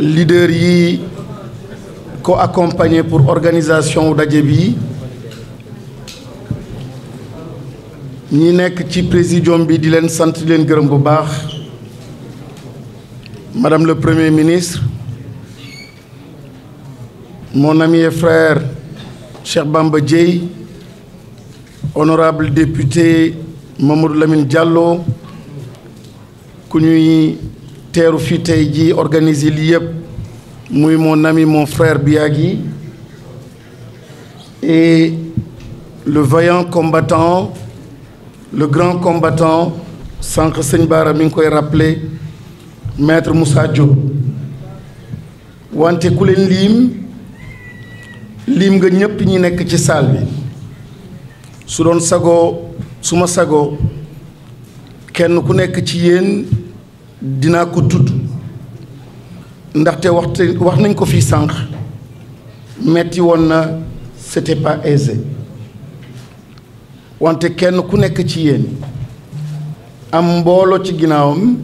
leader yi ko accompagner pour organisation daje bi ñi nekk ci présidium bi di leen sant leen gërëm bu baax madame le premier ministre mon ami et frère Cheikh Bamba Dièye honorable député Mamadou Lamine Diallo ku ñuy teeru fi tey ji organiser lii yëpp muy mon ami mon frère Biagui et le vaillant combattant le grand combattant sanq sëñ Baara mi ngi koy rappeler maître Moussa Diop wante ku leen liim liim nga ñépp ñi nekk ci salle bi su doon sagoo su ma sagoo kenn ku nekk ci yéen dinaa ko tudd ndaxte waxte wax nañ ko fi sànq metti woon na c'était pas aisé wante kenn ku nekk ci yéen am mbooloo ci ginnaawam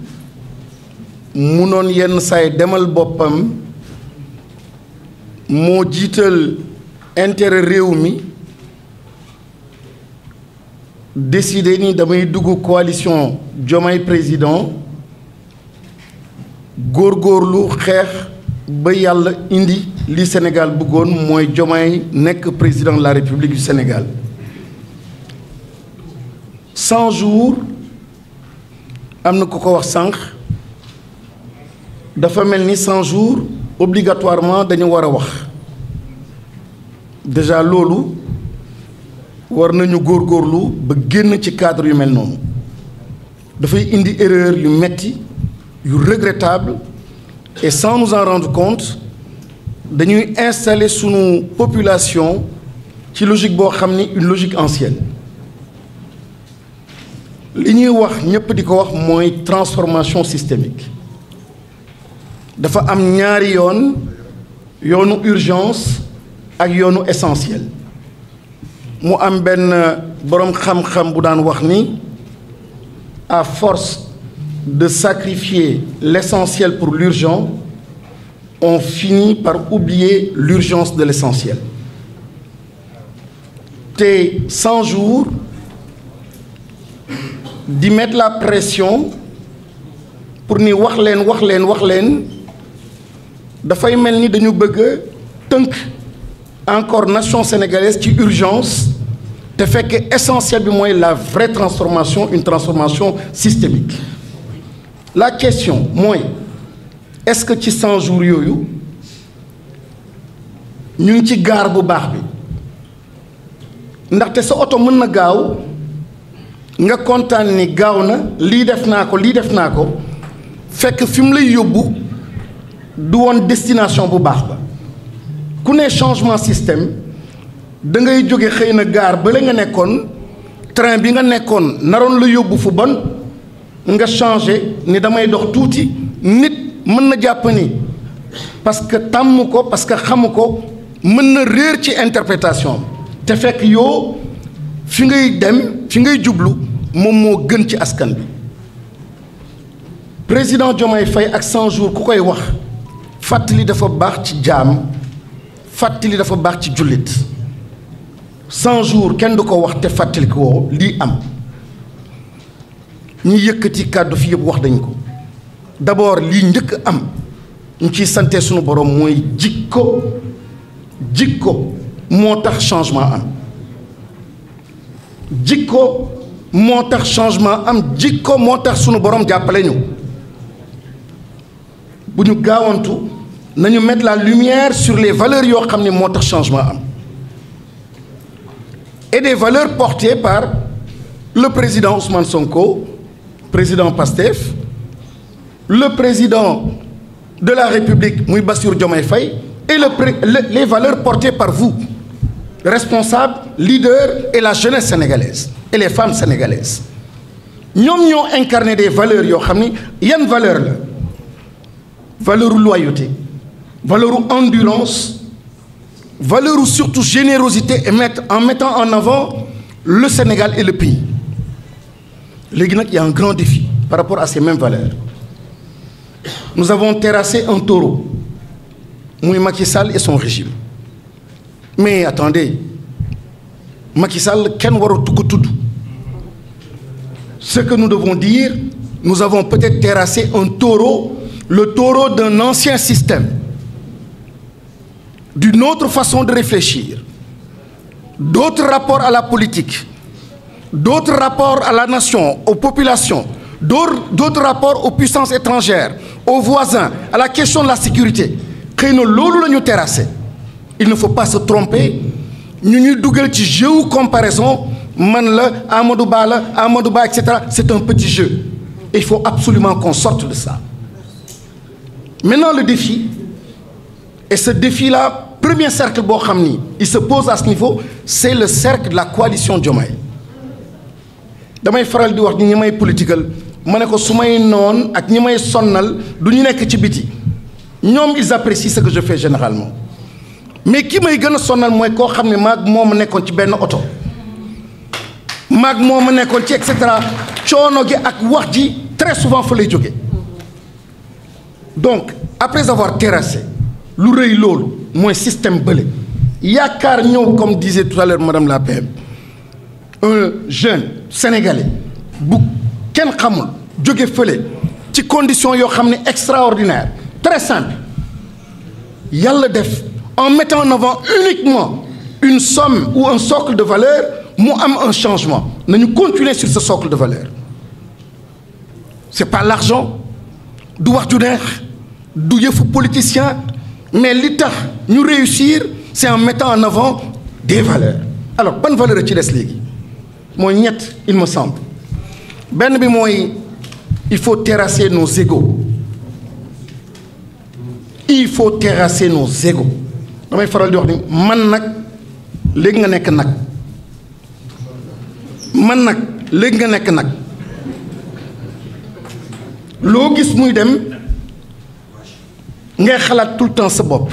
mu noon yenn saay demal boppam moo jiital intére réew mi décidé ni damay dugg coalition jomay président góor góorgóorlu xeex ba yàlla indi li Sénégal bëggoon mooy Diomaye nekk président la République du Sénégal cent jours am na ku ko wax sànq dafa mel ni cent jours obligatoirement dañu war a wax déjà loolu war nañu góor góorlu ba génn ci cadre yu mel noonu dafay indi erreur yu metti yu regrettable et sans nous en rendre compte dañuy installer suñu population ci logique boo xam ni une logique ancienne li ñuy wax ñëpp di ko wax mooy transformation systémique dafa am ñaari yoon yoonu urgence ak yoonu essentiel mu am benn boroom xam-xam bu daan wax ni à force de sacrifier l'essentiel pour l'urgent, on finit par oublier l'urgence de l'essentiel. te 100 jours di mettre la pression pour ni wax leen wax leen wax leen dafay mel ni dañu bëgg a tënk encore nation sénégalaise ci urgence te fekk essentiel bi mooy la vraie transformation une transformation systémique la question mooy est-ce que ci 100 jours yooyu ñu ngi ci gaar bu baax bi ndaxte sa oto mën na gaaw nga kontaan ni gaaw na lii def naa ko lii def naa ko fekk fim lay yóbbu du woon destination bu baax ba ku ne changement système da ngay jóge xëy na gaar bale nga nekkoon train bi nga nekkoon naroon la yóbbu fu bon nga changé ni damay dox tuuti nit mën na jàpp ni parce que tàmm ko parce que xam ko mën na réer ci interprétation te fekk yoo fi ngay dem fi ngay jublu moom moo gën ci askan bi président Diomaye Faye ak 100 jours ku koy wax fàttali dafa baax ci jaam fàttali dafa baax ci jullit 100 jours kenn du ko wax te fàttali ko lii am ñi yëkkati kàddu fi yëpp wax dañ ko d'abord lii njëkk am ñu ciy sante suñu borom mooy jikko jikko moo tax changement am jikko moo tax changement am jikko moo tax sunu borom jàppale ñu bu ñu gaawantu nañu mettre la lumière sur les valeurs yoo xam ne moo tax changement am et des valeurs portées par le président Ousmane Sonko président Pastef le président de la République muy Bassirou Diomaye fay et le pré le, les valeurs portées par vous responsables leaders et la jeunesse sénégalaise et les femmes sénégalaises ñoom ñoo incarné des valeurs yoo xam ni yan valeur la valeur loyauté valeur endurance valeur surtout générosité et mettre en mettant en avant le Sénégal et le pays léegi nag y a un grand défi par rapport à ces mêmes valeurs nous avons terrassé un taureau muy Macky Sall et son régime mais attendez Macky Sall kenn waratu ko tudd ce que nous devons dire nous avons peut-être terrassé un taureau le taureau d'un ancien système d'une autre façon de réfléchir d'autres rapport à la politique d'autres rapports à la nation, aux populations, d'autres rapports aux puissances étrangères, aux voisins, à la question de la sécurité xëy na loolu la ñu terrassé il ne faut pas se tromper ñu ñuy dugal ci jeu wu comparaison man la Amadou Ba la Amadou Ba et cetera c'est un petit jeu il faut absolument qu'on sorte de ça maintenant le défi et ce défi là premier cercle boo xam ni il se pose à ce niveau c'est le cercle de la coalition Diomaye damay faral di wax ni ñi may politikal ma ne ko su may noon ak ñi may sonnal du ñu nekk ci biti ñoom ils apprécient ce que je fais généralement mais ki may gën a sonnal mooy koo xam ne maag moo ma nekkoon ci benn oto maag moo ma nekkoon ci et cetera coono gi ak wax ji très souvent fa lay jóge donc après avoir terrassé lu rëy loolu mooy système bële yaakaar ñëw comme disait tout madame la PM un sénégalais bu kenn xamul jóge fële ci condition yoo xam ne extraordinaire très simple yàlla def en mettant en avant uniquement une somme ou un socle de valeur mu am un changement nañu continuer sur ce socle de valeur c'est pas l'argent du wax ju neex du yëfu politicien mais li tax ñu réussir c'est en mettant en avant des valeurs alors ban valeur a ci des léegi mooy ñett il me benn bi mooy il faut terrasser nos égos il faut terrasser nos égos damay faral di wax ni man nag léegi nga nekk nag man nag léegi nga nekk nag loo gis muy dem ngay xalaat tout le temps sa bopp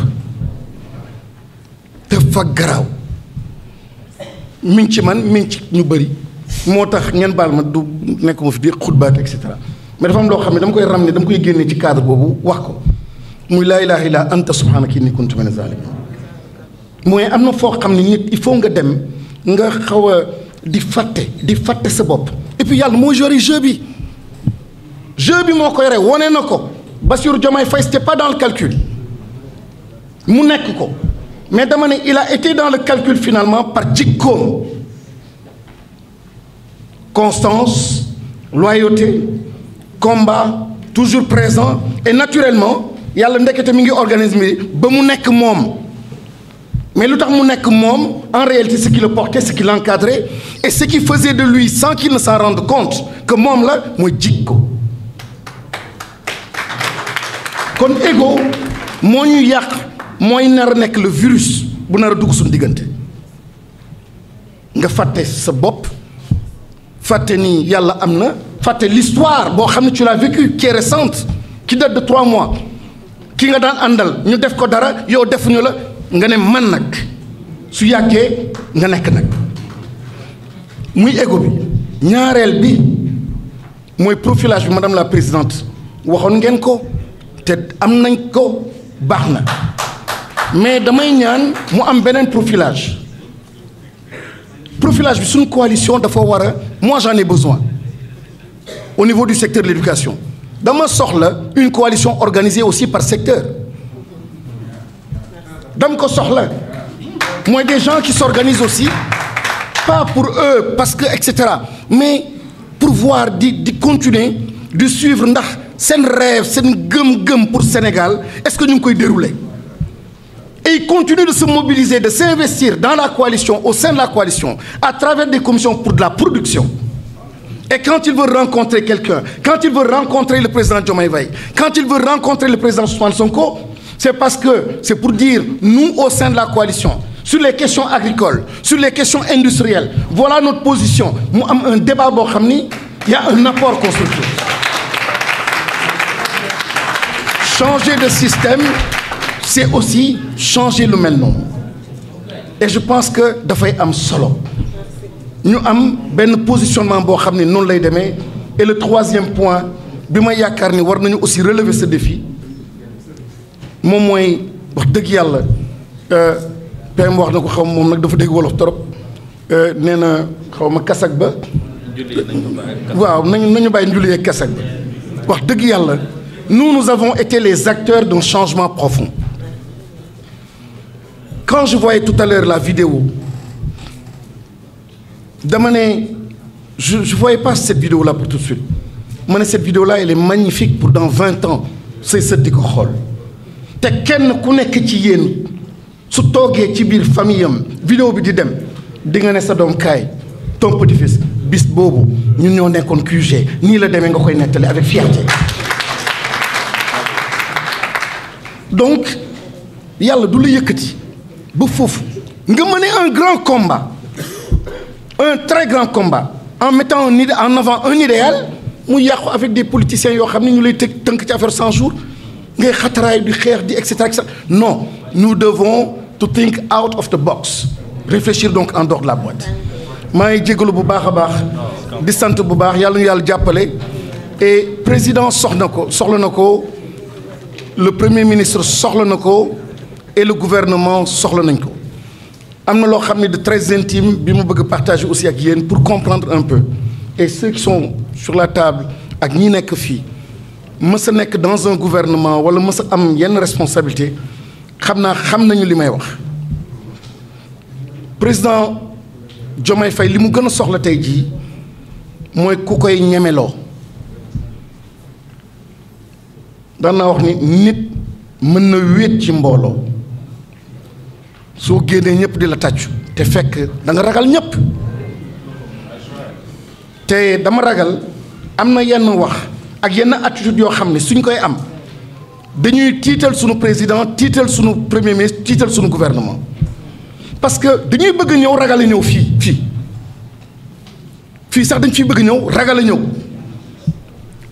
dafa garaaw mi ngi ci man mi ci ñu bëri moo tax ngeen baal ma du nekk ma fi di xutbaat et cetera mais dafa am loo xam ne dama koy ram ne dama koy génne ci cadre boobu wax ko muy laa ilaha illa anta subhanaka inni kuntu mina zalimin mooy am na foo xam ne nit il faut nga dem nga xaw a di fàtte di fatte sa bopp et puis yàlla moo joué jeu bi jeu bi moo koy rey wane na ko Bassirou Diomaye Faye c'était pas dans le calcul mu nekk ko mais dama ne il a été dans le calcul finalement par jikkoom constance loyauté combat toujours présent et naturellement yàlla ndekete mi ngi organisme ba mu nekk moom mais lu tax mu nekk moom en réalité ce qui le portait ce qui l'encadrait et ce qui faisait de lui sans qu'il ne s'en rende compte que moom la mooy jikko kon ego moo ñu yàq mooy nar a nekk le virus bu nar a dugg suñu diggante nga fàtte sa bopp fàtte ni yàlla am na fàtte l'histoire boo xam ne ci l'as vécu qui est récente qui de trois mois ki nga daan àndal ñu def ko dara yow defuñu la nga ne man nag su yàggee nga nekk nag muy égo bi ñaareel bi mooy profilage bi madame la présidente waxoon ngeen ko te am nañ ko baax na mais damay ñaan mu am beneen profilage profilage bi suñu coalition dafa war a moi j'en ai besoin au niveau du secteur de l'éducation dama soxla une coalition organisée aussi par secteur dama ko soxla mooy des gens qui s'organisent aussi pas pour eux parce que et cetera mais pour voir di di continuer di suivre ndax seen rêve seen gëm-gëm pour Sénégal est-ce que ñu ngi koy dérouler Et ils continuent de se mobiliser, de s'investir dans la coalition, au sein de la coalition, à travers des commissions pour la production. Et quand il veut rencontrer quelqu'un, quand il veut rencontrer le président Diomaye Faye, quand il veut rencontrer le président Ousmane Sonko, c'est parce que c'est pour dire, nous, au sein de la coalition, sur les questions agricoles, sur les questions industrielles, voilà notre position. Mu am un débat boo xam ni y a un apport c'est aussi changer lu mel noonu et je pense que dafay am solo ñu am benn positionnement boo xam ne noonu lay demee et le troisième point bi ma yaakaar ni war nañu aussi relever ce défi moom mooy wax dëgg yàlla euh, PM wax na ko xaw moom nag dafa dégg wolof trop euh, nee na xaw ma kasak ba waaw nañu nañu bàyyi njulliyee kasak ba wax dëgg yàlla noonu nous avons été les acteurs d'un changement profond quand je voyais tout la vidéo dama ne je ne voyais pas cette vidéo là pour tout de suite ma ne cette vidéo là elle magnifique pour dans vingt ans say sët ko xool te kenn ku nekk ci yéen su toogee ci biir famille am bi di dem di ne sa doom kaay ton petit-fils bis boobu ñun ñoo nekkoon QG nii la demee nga koy nettali avec fierté donc yàlla du la yëkkati. ba foofu nga mener un grand combat un très grand combat en mettant un en avant un idéal mu yàqu avec des politiciens yoo xam ne ñu lay tëg tënk ci affaire 100 jours ngay xataraay di xeex di et cetera et cetera non nous devons to think out of the box réfléchir donc en dehors de la boîte maa ngi jégalu bu baax a baax di sant bu baax yàlla ñu yàlla jàppale et président soxna ko soxla na ko le premier ministre soxla na ko et le gouvernement soxla nañ ko am na loo xam ne de très intime bi mu bëgg partager aussi ak yéen pour comprendre un peu et ceux qui sur la table ak ñi nekk fii mësa nekk dans un gouvernement wala mës a am yenn responsabilité xam naa xam nañu li may wax président Diomaye Faye li mu gën a soxla tey jii mooy ku koy ñemeloo daan naa wax ni nit mën na wéet ci mbooloo soo génnee ñëpp di la tàccu te fekk danga ragal ñëpp te dama ragal am na yenn wax ak yenn attitude yoo xam ne suñ koy am dañuy tiital sunu président tiital suñu premier ministre tiital suñu gouvernement parce que dañuy bëgg ñëw ragal a ñëw fii fii fii sax dañ fiy bëgg ñëw ragal a ñëw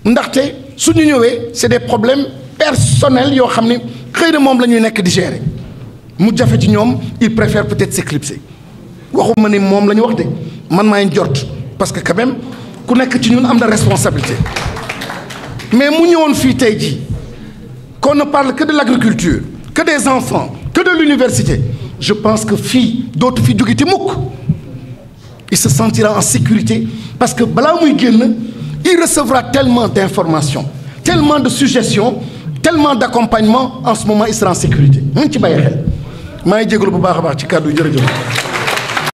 ndaxte suñu ñëwee c'est des problèmes personnels yoo xam ne xëy na moom la ñuy nekk di gérer mu jafe ci ñoom il préfère peut-être s'éclipser waxuma ne moom la ñu wax de man maay jot parce que quand ku nekk ci ñun am na responsabilité mais mu ñëwoon fii tey jii kon ne parle que de l'agriculture que des enfants que de l'université je pense que fii dootu fi jóge te mukk il se sentira en sécurité parce que balaa muy génn il recevra tellement d'informations tellement de suggestions tellement d'accompagnement en ce moment il sera en sécurité mu ci bàyyi maa ngi jégalu bu baax a baax ci kàddu yi